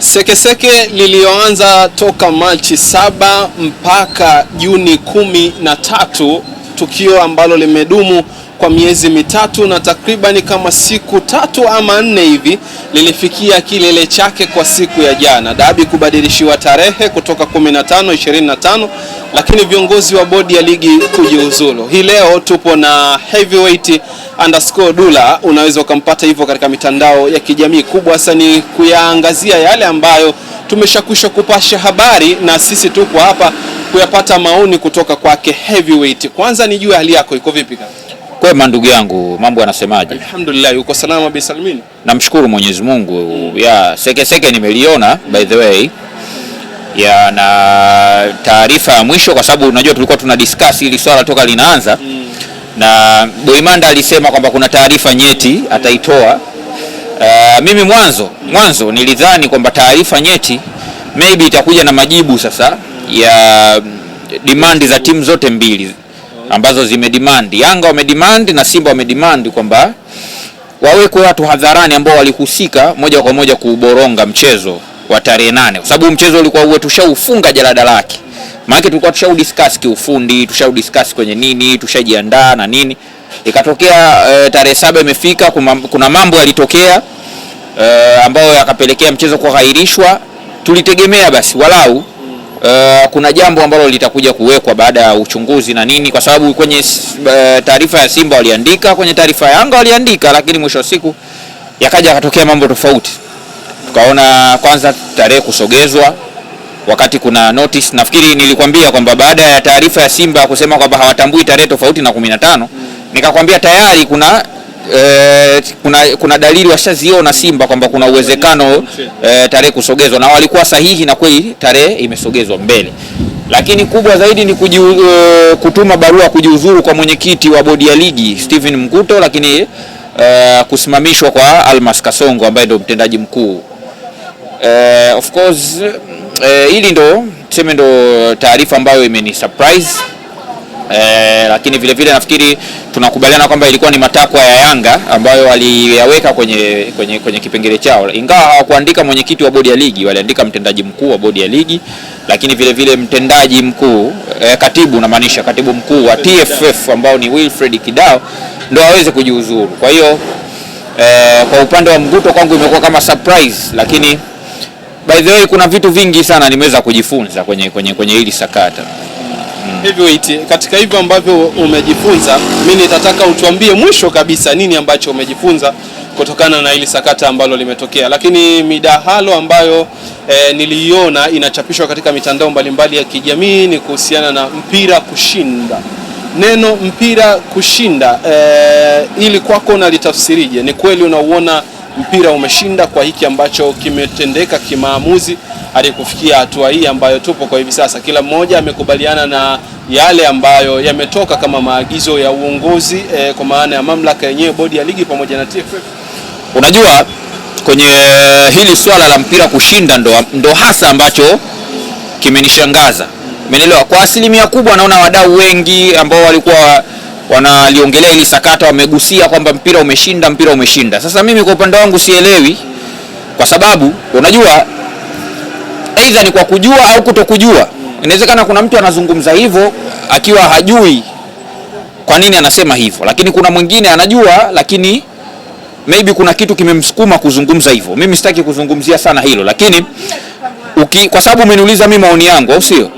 Sekeseke liliyoanza toka Machi saba mpaka Juni kumi na tatu, tukio ambalo limedumu kwa miezi mitatu na takriban kama siku tatu ama nne hivi, lilifikia kilele chake kwa siku ya jana, dabi kubadilishiwa tarehe kutoka 15 25, lakini viongozi wa bodi ya ligi kujiuzulu. Hii leo tupo na Heavyweight underscore Dula, unaweza ukampata hivyo katika mitandao ya kijamii. Kubwa sasa ni kuyaangazia yale ambayo tumeshakwisha kupasha habari, na sisi tupo hapa kuyapata maoni kutoka kwake Heavyweight. Kwanza nijue hali yako iko vipi kaka? Kwema ndugu yangu, mambo yanasemaje? Alhamdulillah, uko salama bi salmin. Namshukuru Mwenyezi Mungu ya seke seke nimeliona by the way ya na taarifa ya mwisho, kwa sababu unajua tulikuwa tuna discuss ili swala toka linaanza mm. na Boimanda alisema kwamba kuna taarifa nyeti ataitoa. Uh, mimi mwanzo mwanzo nilidhani kwamba taarifa nyeti maybe itakuja na majibu sasa ya demandi za timu zote mbili ambazo zimedimandi Yanga wamedimandi na Simba wamedimandi kwamba wawekwe watu hadharani ambao walihusika moja kwa moja kuboronga mchezo wa tarehe nane, kwa sababu mchezo ulikuwa uwe tushaufunga jalada lake, maana tulikuwa tushaudiscuss kiufundi, tushaudiscuss kwenye nini, tushajiandaa na nini. Ikatokea e, tarehe saba imefika, kuna mambo yalitokea e, ambayo yakapelekea mchezo kuahirishwa. Tulitegemea basi walau Uh, kuna jambo ambalo litakuja kuwekwa baada ya uchunguzi na nini, kwa sababu kwenye uh, taarifa ya Simba waliandika, kwenye taarifa ya Yanga waliandika, lakini mwisho wa siku yakaja yakatokea mambo tofauti. Tukaona kwanza tarehe kusogezwa, wakati kuna notice. Nafikiri nilikwambia kwamba baada ya taarifa ya Simba kusema kwamba hawatambui tarehe tofauti na 15 nikakwambia tayari kuna e, kuna, kuna dalili washaziona Simba kwamba kuna uwezekano e, tarehe kusogezwa na walikuwa sahihi, na kweli tarehe imesogezwa mbele, lakini kubwa zaidi ni kuji, uh, eh, kutuma barua kujiuzuru kwa mwenyekiti wa bodi ya ligi Steven Mkuto, lakini uh, kusimamishwa kwa Almas Kasongo ambaye ndio mtendaji mkuu uh, of course uh, hili ndo tuseme ndo taarifa ambayo imeni surprise e, lakini vile vile nafikiri tunakubaliana kwamba ilikuwa ni matakwa ya Yanga ambayo waliyaweka kwenye, kwenye, kwenye kipengele chao, ingawa hawakuandika mwenyekiti wa bodi ya ligi, waliandika mtendaji mkuu wa bodi ya ligi, lakini vile vile mtendaji mkuu e, katibu, namaanisha katibu mkuu wa TFF ambao ni Wilfred Kidao ndo aweze kujiuzuru. Kwa hiyo e, kwa upande wa mguto kwangu imekuwa kama surprise, lakini by the way kuna vitu vingi sana nimeweza kujifunza kwenye, kwenye, kwenye hili sakata. Heavyweight, katika hivyo ambavyo umejifunza, mimi nitataka utuambie mwisho kabisa nini ambacho umejifunza kutokana na hili sakata ambalo limetokea, lakini midahalo ambayo e, niliiona inachapishwa katika mitandao mbalimbali ya kijamii ni kuhusiana na mpira kushinda. Neno mpira kushinda, e, ili kwako unalitafsirije? Ni kweli unauona mpira umeshinda kwa hiki ambacho kimetendeka kimaamuzi hadi kufikia hatua hii ambayo tupo kwa hivi sasa. Kila mmoja amekubaliana na yale ambayo yametoka kama maagizo ya uongozi eh, kwa maana ya mamlaka yenyewe, bodi ya ligi pamoja na TFF. Unajua, kwenye hili swala la mpira kushinda ndo, ndo hasa ambacho kimenishangaza, umeelewa? Kwa asilimia kubwa naona wadau wengi ambao walikuwa wanaliongelea hili sakata, wamegusia kwamba mpira umeshinda, mpira umeshinda. Sasa mimi kwa upande wangu sielewi, kwa sababu unajua, aidha ni kwa kujua au kutokujua. Inawezekana kuna mtu anazungumza hivyo akiwa hajui kwa nini anasema hivyo, lakini kuna mwingine anajua, lakini maybe kuna kitu kimemsukuma kuzungumza hivyo. Mimi sitaki kuzungumzia sana hilo, lakini uki, kwa sababu umeniuliza mimi maoni yangu, au sio?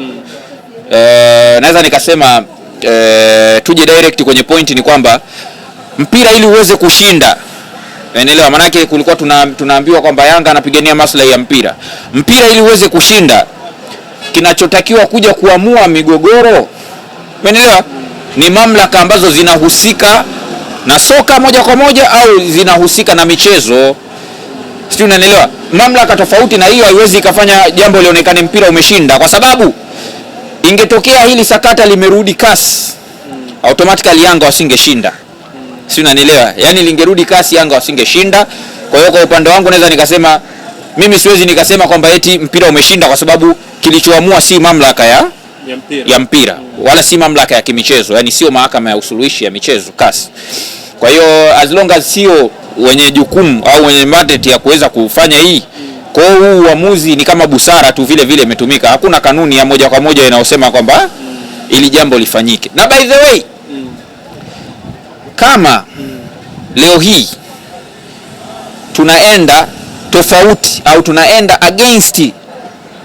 E, naweza nikasema e, tuje direct kwenye point ni kwamba mpira ili uweze kushinda Unaelewa, maanake kulikuwa tuna, tunaambiwa kwamba Yanga anapigania maslahi ya mpira. Mpira ili uweze kushinda, kinachotakiwa kuja kuamua migogoro, naelewa ni mamlaka ambazo zinahusika na soka moja kwa moja au zinahusika na michezo, sijui unaelewa. Mamlaka tofauti na hiyo haiwezi ikafanya jambo lionekane mpira umeshinda, kwa sababu Ingetokea hili sakata limerudi kasi mm. automatically Yanga wasingeshinda mm. si unanielewa? Yani lingerudi kasi Yanga wasingeshinda. Kwa hiyo kwa upande wangu naweza nikasema mimi siwezi nikasema kwamba eti mpira umeshinda, kwa sababu kilichoamua si mamlaka ya ya mpira, ya mpira. Mm. wala si mamlaka ya kimichezo, yani sio mahakama ya usuluhishi ya michezo kasi. Kwa hiyo as long as sio wenye jukumu au wenye mandate ya kuweza kufanya hii kwa hiyo huu uamuzi ni kama busara tu vile vile imetumika, hakuna kanuni ya moja kwa moja inayosema kwamba ili jambo lifanyike. Na by the way, kama leo hii tunaenda tofauti au tunaenda against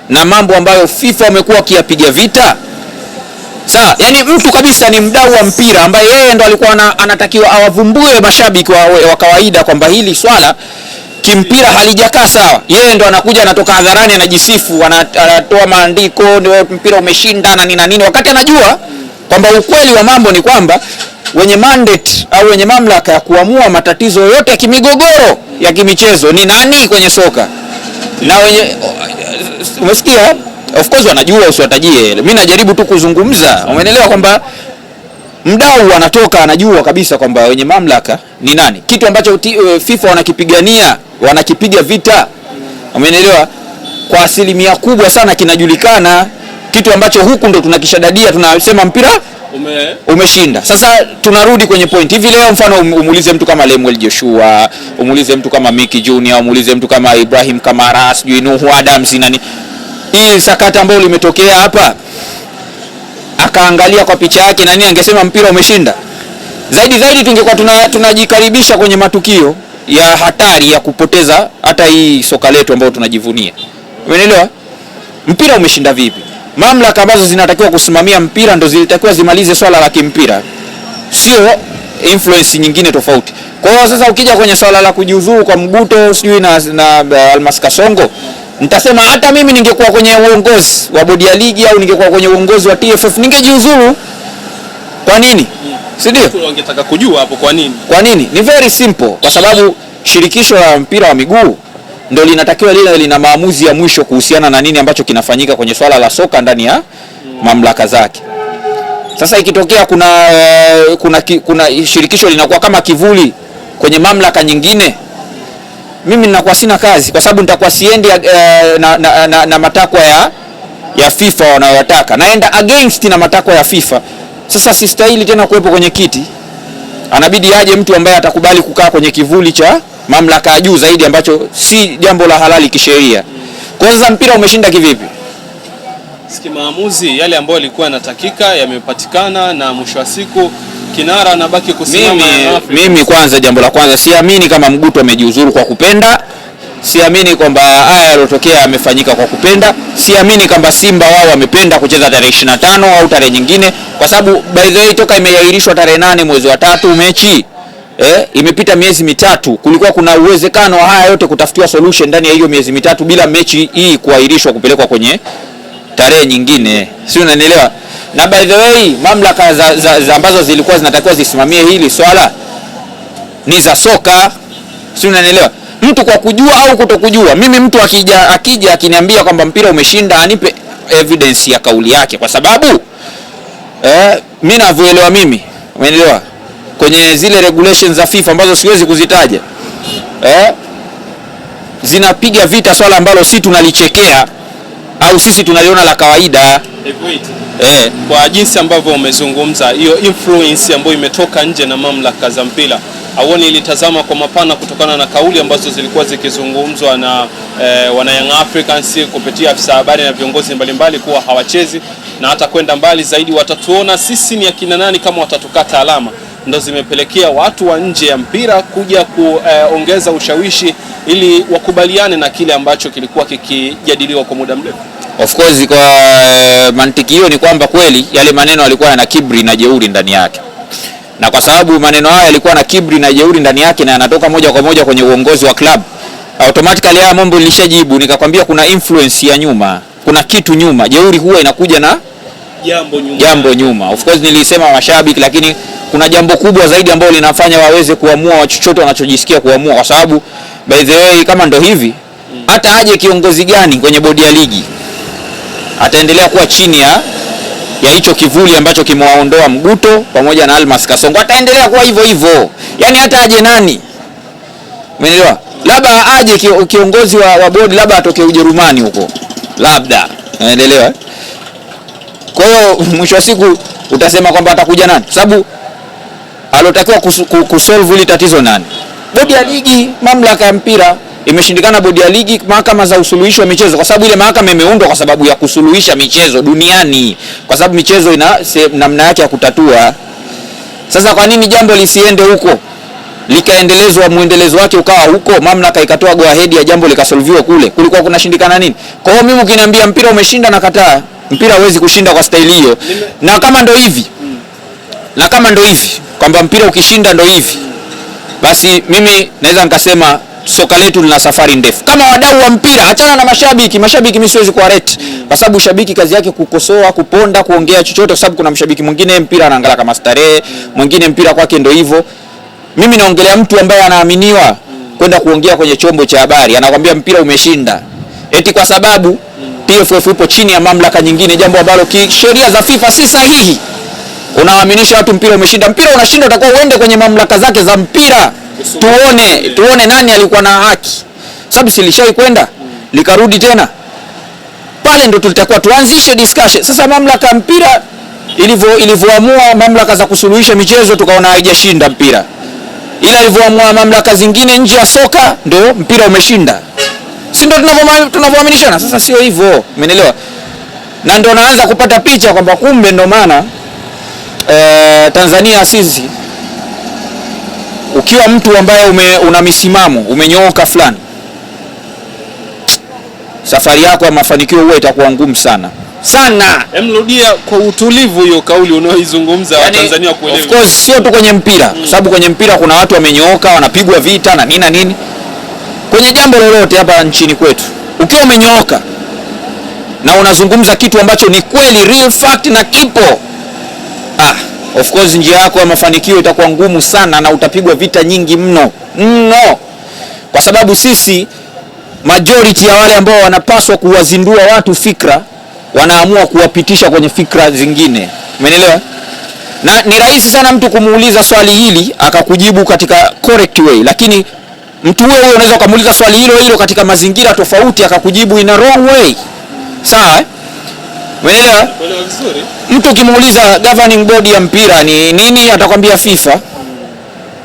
na mambo ambayo FIFA wamekuwa wakiyapiga vita Sawa, yani mtu kabisa ni mdau wa mpira ambaye yeye ndo alikuwa anatakiwa awavumbue mashabiki wa, wa kawaida kwamba hili swala kimpira halijakaa sawa, yeye ndo anakuja anatoka hadharani anajisifu, anatoa maandiko, ndio mpira umeshinda na nina nini, wakati anajua kwamba ukweli wa mambo ni kwamba wenye mandate au wenye mamlaka ya kuamua matatizo yote ya kimigogoro ya kimichezo ni nani kwenye soka na wenye, umesikia? Of course wanajua, usiwatajie. Mimi najaribu tu kuzungumza, umeelewa kwamba mdau anatoka anajua kabisa kwamba wenye mamlaka ni nani, kitu ambacho eh, FIFA wanakipigania wanakipiga vita, umeelewa? Kwa asilimia kubwa sana kinajulikana kitu ambacho huku ndo tunakishadadia, tunasema mpira Ume... umeshinda. Sasa tunarudi kwenye point hivi leo, mfano um-, umuulize mtu kama Lemuel Joshua, umuulize mtu kama Mickey Junior, umuulize mtu kama Ibrahim Kamara, sijui Nuhu Adams nani, hii sakata ambayo limetokea hapa, akaangalia kwa picha yake, nani angesema mpira umeshinda? Zaidi zaidi tungekuwa tunajikaribisha tuna kwenye matukio ya hatari ya kupoteza hata hii soka letu ambayo tunajivunia. Umeelewa? Mpira umeshinda vipi? Mamlaka ambazo zinatakiwa kusimamia mpira ndo zilitakiwa zimalize swala la kimpira, sio influence nyingine tofauti. Kwa hiyo sasa ukija kwenye swala la kujiuzuru kwa Mguto sijui na, na Almas Kasongo nitasema hata mimi ningekuwa kwenye uongozi wa bodi ya ligi au ningekuwa kwenye uongozi wa TFF ningejiuzuru. Kwa nini? si ndio? Wangetaka kujua hapo kwa nini. Kwa nini? Ni very simple, kwa sababu shirikisho la mpira wa miguu ndio linatakiwa lile lina maamuzi ya mwisho kuhusiana na nini ambacho kinafanyika kwenye swala la soka ndani ya mm. mamlaka zake. Sasa ikitokea kuna, eh, kuna, kuna shirikisho linakuwa kama kivuli kwenye mamlaka nyingine, mimi ninakuwa sina kazi, kwa sababu nitakuwa siendi eh, na, na, na, na matakwa ya, ya FIFA wanayotaka naenda against na matakwa ya FIFA. Sasa sistahili tena kuwepo kwenye kiti, anabidi aje mtu ambaye atakubali kukaa kwenye kivuli cha mamlaka ya juu zaidi, ambacho si jambo la halali kisheria. Kwa sasa mpira umeshinda kivipi? Maamuzi yale ambayo yalikuwa yanatakika yamepatikana, na mwisho wa siku kinara anabaki kusimama. Mimi, mimi kwanza, jambo la kwanza siamini kama Mguto amejiuzuru kwa kupenda Siamini kwamba haya yalotokea yamefanyika kwa kupenda. Siamini kwamba Simba wao wamependa kucheza tarehe 25 au tarehe nyingine, kwa sababu by the way toka imeahirishwa tarehe nane mwezi wa tatu mechi eh, imepita miezi mitatu. Kulikuwa kuna uwezekano haya yote kutafutiwa solution ndani ya hiyo miezi mitatu bila mechi hii kuahirishwa kupelekwa kwenye tarehe nyingine, si unanielewa? Na by the way mamlaka za, za, za ambazo zilikuwa zinatakiwa zisimamie hili swala ni za soka, si unanielewa? mtu kwa kujua au kutokujua. Mimi mtu akija akija akiniambia kwamba mpira umeshinda, anipe evidence ya kauli yake, kwa sababu eh, mimi navyoelewa mimi, umeelewa, kwenye zile regulations za FIFA ambazo siwezi kuzitaja eh, zinapiga vita swala ambalo si tunalichekea au sisi tunaliona la kawaida eh. Kwa jinsi ambavyo umezungumza hiyo influence ambayo imetoka nje na mamlaka za mpira auoni ilitazama kwa mapana kutokana na kauli ambazo zilikuwa zikizungumzwa na eh, wana Young Africans kupitia afisa habari na viongozi mbalimbali kuwa hawachezi, na hata kwenda mbali zaidi, watatuona sisi ni akina nani kama watatukata alama ndo zimepelekea watu wa nje ya mpira kuja kuongeza uh, ushawishi ili wakubaliane na kile ambacho kilikuwa kikijadiliwa kwa muda mrefu. Of course kwa eh, mantiki hiyo ni kwamba kweli yale maneno yalikuwa yana kibri na jeuri ndani yake, na kwa sababu maneno haya yalikuwa na kibri na jeuri ndani yake na yanatoka moja kwa moja kwenye uongozi wa club, automatically haya mambo nilishajibu, nikakwambia kuna influence ya nyuma, kuna kitu nyuma. Jeuri huwa inakuja na jambo nyuma, jambo nyuma. Of course nilisema mashabiki, lakini kuna jambo kubwa zaidi ambalo linafanya waweze kuamua chochote wanachojisikia kuamua, kwa sababu by the way, kama ndo hivi hata aje kiongozi gani kwenye bodi ya ligi ataendelea kuwa chini ya ya hicho kivuli ambacho kimewaondoa Mguto pamoja na Almas Kasongo, ataendelea kuwa hivyo hivyo. Yani hata aje nani, umeelewa? Labda aje kiongozi wa, wa bodi labda atoke Ujerumani huko, labda umeelewa? Kwa hiyo mwisho wa siku utasema kwamba atakuja nani, sababu Alotakiwa kusolve hili tatizo nani? Bodi ya ligi, mamlaka ya mpira. Imeshindikana bodi ya ligi, mahakama za usuluhishi wa michezo, kwa sababu ile mahakama imeundwa kwa sababu ya kusuluhisha michezo duniani, kwa sababu michezo ina namna yake ya kutatua. Sasa kwa nini jambo lisiende huko likaendelezwa mwendelezo wake ukawa huko, mamlaka ikatoa go ahead ya jambo likasolviwa kule, kulikuwa kunashindikana nini? Kwa hiyo mimi ukiniambia mpira umeshinda, nakataa. Mpira huwezi kushinda kwa staili hiyo, na kama ndo hivi na kama ndo hivi kwamba mpira ukishinda ndo hivi basi, mimi naweza nikasema soka letu lina safari ndefu. Kama wadau wa mpira, achana na mashabiki. Mashabiki mimi siwezi kuwaret kwa sababu shabiki kazi yake kukosoa, kuponda, kuongea chochote, kwa sababu kuna mshabiki mwingine mpira anaangalia kama starehe, mwingine mpira kwake ndo hivyo. Mimi naongelea mtu ambaye anaaminiwa kwenda kuongea kwenye chombo cha habari, anakwambia mpira umeshinda, eti kwa sababu TFF ipo chini ya mamlaka nyingine, jambo ambalo sheria za FIFA si sahihi unawaaminisha watu mpira umeshinda. Mpira unashinda, utakuwa uende kwenye mamlaka zake za mpira, tuone tuone nani alikuwa na haki, sababu silishai kwenda likarudi tena pale, ndo tulitakuwa tuanzishe discussion sasa. Mamlaka ya mpira ilivyo ilivyoamua mamlaka za kusuluhisha michezo, tukaona haijashinda mpira, ila ilivyoamua mamlaka zingine nje ya soka, ndio mpira umeshinda, si ndio tunavyoaminishana sasa? Sio hivyo, umeelewa? Na ndio naanza kupata picha kwamba kumbe, ndio maana eh, Tanzania sisi ukiwa mtu ambaye ume, una misimamo umenyooka fulani, safari yako ya mafanikio huwa itakuwa ngumu sana sana. Emrudia kwa utulivu hiyo kauli unaoizungumza yani, Tanzania kuelewa. Of course sio tu kwenye mpira mm, sababu kwenye mpira kuna watu wamenyooka wanapigwa vita na nini na nini. Kwenye jambo lolote hapa nchini kwetu, ukiwa umenyooka na unazungumza kitu ambacho ni kweli real fact na kipo ah, of course njia yako ya mafanikio itakuwa ngumu sana na utapigwa vita nyingi mno mno, kwa sababu sisi majority ya wale ambao wanapaswa kuwazindua watu fikra wanaamua kuwapitisha kwenye fikra zingine, umeelewa? Na ni rahisi sana mtu kumuuliza swali hili akakujibu katika correct way, lakini mtu huyo huyo unaweza ukamuuliza swali hilo hilo katika mazingira tofauti akakujibu in a wrong way, sawa? Eh? Umeelewa? Mtu ukimuuliza governing board ya mpira ni nini, atakwambia FIFA.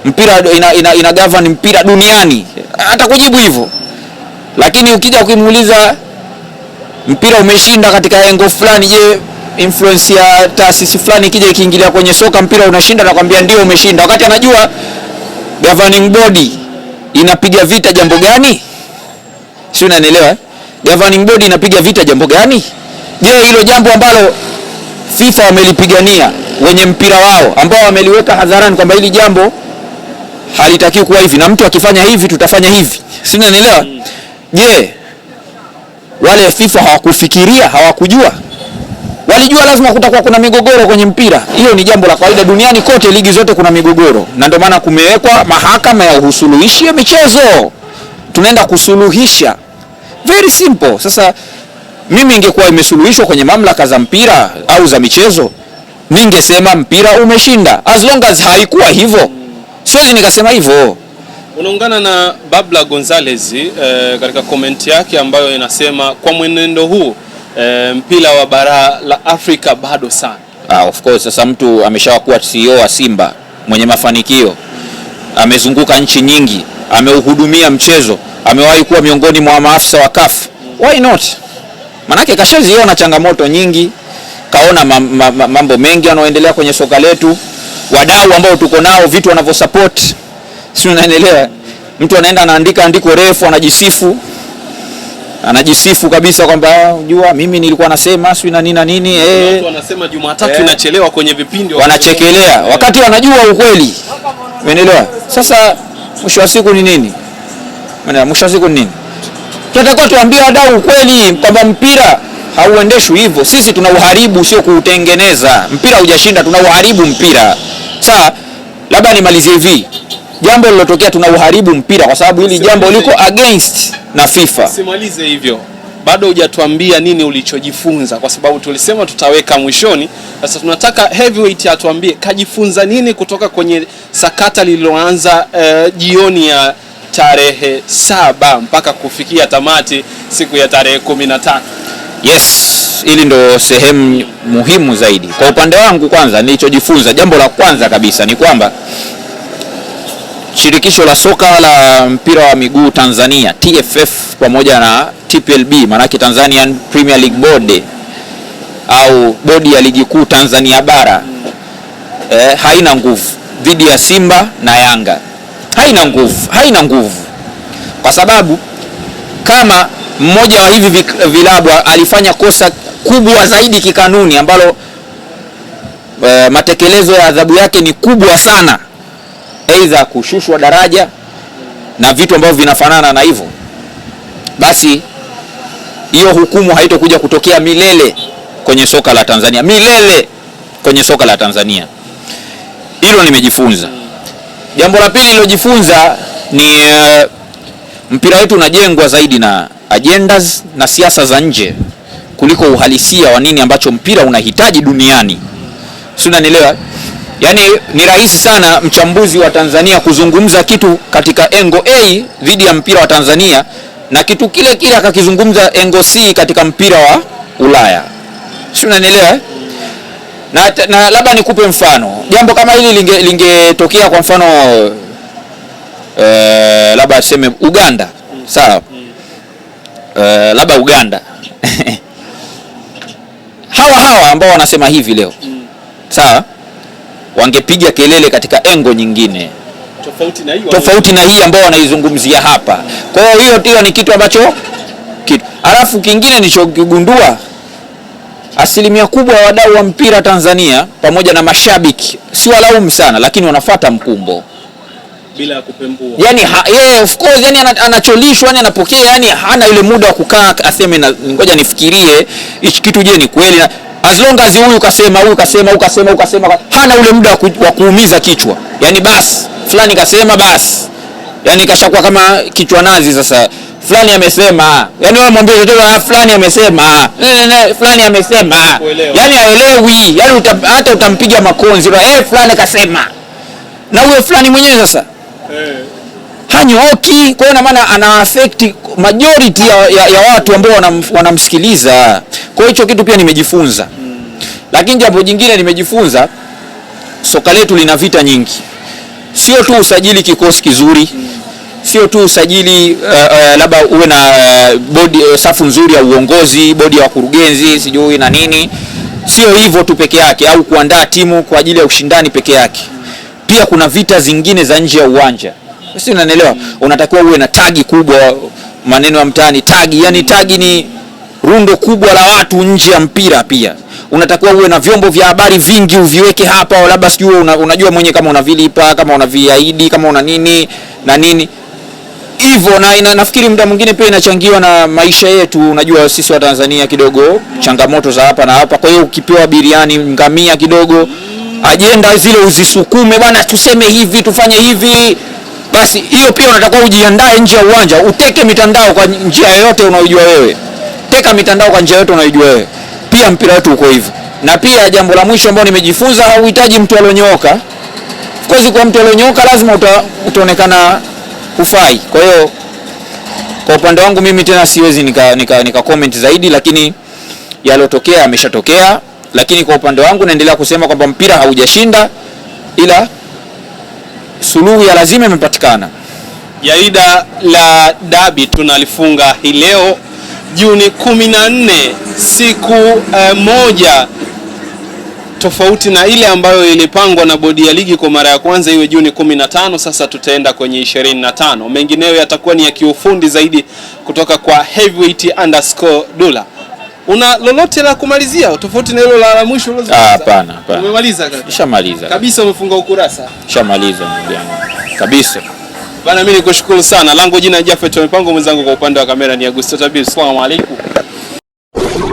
Mpira ina, ina, ina govern mpira duniani, atakujibu hivyo. Lakini ukija ukimuuliza mpira umeshinda katika engo fulani, je, influence ya taasisi fulani ikija ikiingilia kwenye soka mpira unashinda, nakwambia ndio umeshinda, wakati anajua governing board inapiga vita jambo gani? Si unanielewa? Eh? Governing board inapiga vita jambo gani? Je, hilo jambo ambalo FIFA wamelipigania wenye mpira wao ambao wameliweka hadharani kwamba hili jambo halitakiwi kuwa hivi na mtu akifanya hivi tutafanya hivi, si unanielewa? Je, wale FIFA hawakufikiria? Hawakujua? Walijua lazima kutakuwa kuna migogoro kwenye mpira. Hiyo ni jambo la kawaida duniani kote, ligi zote kuna migogoro, na ndio maana kumewekwa mahakama ya usuluhishi ya michezo. Tunaenda kusuluhisha, very simple. Sasa mimi ingekuwa imesuluhishwa kwenye mamlaka za mpira au za michezo, ningesema mpira umeshinda, as long as haikuwa hivyo. Siwezi nikasema hivyo. Unaungana na Babla Gonzalez eh, katika komenti yake ambayo inasema kwa mwenendo huu eh, mpira wa bara la Afrika bado sana. Ah, of course sasa mtu ameshawakuwa CEO wa Simba mwenye mafanikio, amezunguka nchi nyingi, ameuhudumia mchezo, amewahi kuwa miongoni mwa maafisa wa CAF. Why not? Manake kashaziona changamoto nyingi, kaona mambo mengi yanayoendelea kwenye soka letu, wadau ambao tuko nao, vitu wanavyosupport, si unaendelea Mtu anaenda anaandika andiko refu, anajisifu anajisifu kabisa kwamba ah, jua mimi nilikuwa nasema sio na nini na nini eh, watu wanasema Jumatatu eh, inachelewa kwenye vipindi wanachekelea eh, wakati wanajua ukweli, umeelewa? Sasa mwisho wa siku ni nini? Maana mwisho wa siku ni nini? tunatakiwa tuambie wadau kweli kwamba mpira hauendeshwi hivyo. Sisi tuna uharibu, sio kuutengeneza. Mpira hujashinda, tuna uharibu mpira. Sawa, labda nimalizie hivi jambo lilotokea, tuna uharibu mpira kwa sababu hili jambo liko against na FIFA. Simalize hivyo, bado hujatuambia nini ulichojifunza, kwa sababu tulisema tutaweka mwishoni. Sasa tunataka Heavyweight atuambie kajifunza nini kutoka kwenye sakata lililoanza uh, jioni ya tarehe saba mpaka kufikia tamati siku ya tarehe kumi na tano. Yes, hili ndo sehemu muhimu zaidi kwa upande wangu. Kwanza nilichojifunza, jambo la kwanza kabisa ni kwamba shirikisho la soka la mpira wa miguu Tanzania TFF pamoja na TPLB, maanake Tanzanian Premier League Board au bodi ya ligi kuu Tanzania bara eh, haina nguvu dhidi ya Simba na Yanga haina nguvu, haina nguvu kwa sababu kama mmoja wa hivi vilabu alifanya kosa kubwa zaidi kikanuni ambalo e, matekelezo ya adhabu yake ni kubwa sana, aidha kushushwa daraja na vitu ambavyo vinafanana na hivyo, basi hiyo hukumu haitokuja kutokea milele kwenye soka la Tanzania, milele kwenye soka la Tanzania. Hilo nimejifunza. Jambo la pili nilojifunza ni uh, mpira wetu unajengwa zaidi na agendas na siasa za nje kuliko uhalisia wa nini ambacho mpira unahitaji duniani. Si unanielewa? Yaani ni rahisi sana mchambuzi wa Tanzania kuzungumza kitu katika engo A dhidi ya mpira wa Tanzania na kitu kile kile akakizungumza engo C katika mpira wa Ulaya. Si unanielewa? Eh? na, na labda nikupe mfano jambo kama hili lingetokea linge kwa mfano e, labda tuseme Uganda sawa e, labda Uganda hawa hawa ambao wanasema hivi leo sawa, wangepiga kelele katika engo nyingine tofauti na hii, tofauti na hii ambao wanaizungumzia hapa. Kwa hiyo hiyo ni kitu ambacho kitu, alafu kingine nilichogundua asilimia kubwa ya wadau wa mpira Tanzania pamoja na mashabiki si walaumu sana, lakini wanafata mkumbo bila kupembua. Yani ha, yeah, of course, yani anacholishwa yani anapokea yani hana ile muda wa kukaa aseme na ngoja nifikirie hichi kitu, je, ni kweli? As long as huyu kasema huyu kasema huyu kasema huyu kasema, hana ule muda wa kuumiza kichwa, yani basi fulani kasema basi yani kashakuwa kama kichwa nazi sasa. Fulani amesema, yani wewe mwambie mtoto ah, fulani amesema, eh, eh, eh, fulani amesema, yani haelewi, yani uta, hata utampiga makonzi eh, hey, fulani kasema, na huyo fulani mwenyewe sasa hey. Hanyooki. Kwa hiyo na maana ana affect majority ya, ya, ya watu ambao wanam, wanamsikiliza. Kwa hicho kitu pia nimejifunza, hmm. lakini jambo jingine nimejifunza, soka letu lina vita nyingi sio tu usajili kikosi kizuri, sio tu usajili uh, uh, labda uwe na uh, bodi uh, safu nzuri ya uongozi, bodi ya wakurugenzi, sijui na nini. Sio hivyo tu peke yake, au kuandaa timu kwa ajili ya ushindani peke yake, pia kuna vita zingine za nje ya uwanja, si unanielewa? Unatakiwa uwe na tagi kubwa, maneno ya mtaani tagi, yani tagi ni rundo kubwa la watu nje ya mpira pia unatakiwa uwe na vyombo vya habari vingi uviweke hapa, au labda sijui una, unajua mwenye kama unavilipa kama unaviahidi kama una nini na nini hivyo na ina, nafikiri muda mwingine pia inachangiwa na maisha yetu. Unajua sisi wa Tanzania kidogo changamoto za hapa na hapa, kwa hiyo ukipewa biriani ngamia kidogo, ajenda zile uzisukume bwana, tuseme hivi tufanye hivi basi. Hiyo pia unatakiwa ujiandae nje ya uwanja, uteke mitandao kwa njia yoyote unayojua wewe, teka mitandao kwa njia yoyote unayojua wewe kuhakikisha mpira wetu uko hivyo. Na pia jambo la mwisho ambalo nimejifunza, hauhitaji mtu aliyonyooka. Of course kwa mtu aliyonyooka lazima uta, utaonekana hufai. Kwa hiyo kwa upande wangu mimi tena siwezi nika, nika, nika comment zaidi, lakini yalotokea yameshatokea. Lakini kwa upande wangu naendelea kusema kwamba mpira haujashinda, ila suluhu ya lazima imepatikana. Jarida la dabi tunalifunga hii leo. Juni 14, siku eh, moja tofauti na ile ambayo ilipangwa na bodi ya ligi kwa mara ya kwanza iwe Juni 15. Sasa tutaenda kwenye 25. Mengineyo yatakuwa ni ya kiufundi zaidi kutoka kwa Heavyweight underscore Dula. Una lolote la kumalizia tofauti na hilo la mwisho? Ah, hapana hapana, umemaliza kabisa. kabisa. Umefunga ukurasa, nishamaliza ndugu yangu kabisa. Bana, mimi nikushukuru sana. Langu jina Jafet, Mpango, mwenzangu kwa upande wa kamera ni Augusto Tabib. Asalamu alaykum.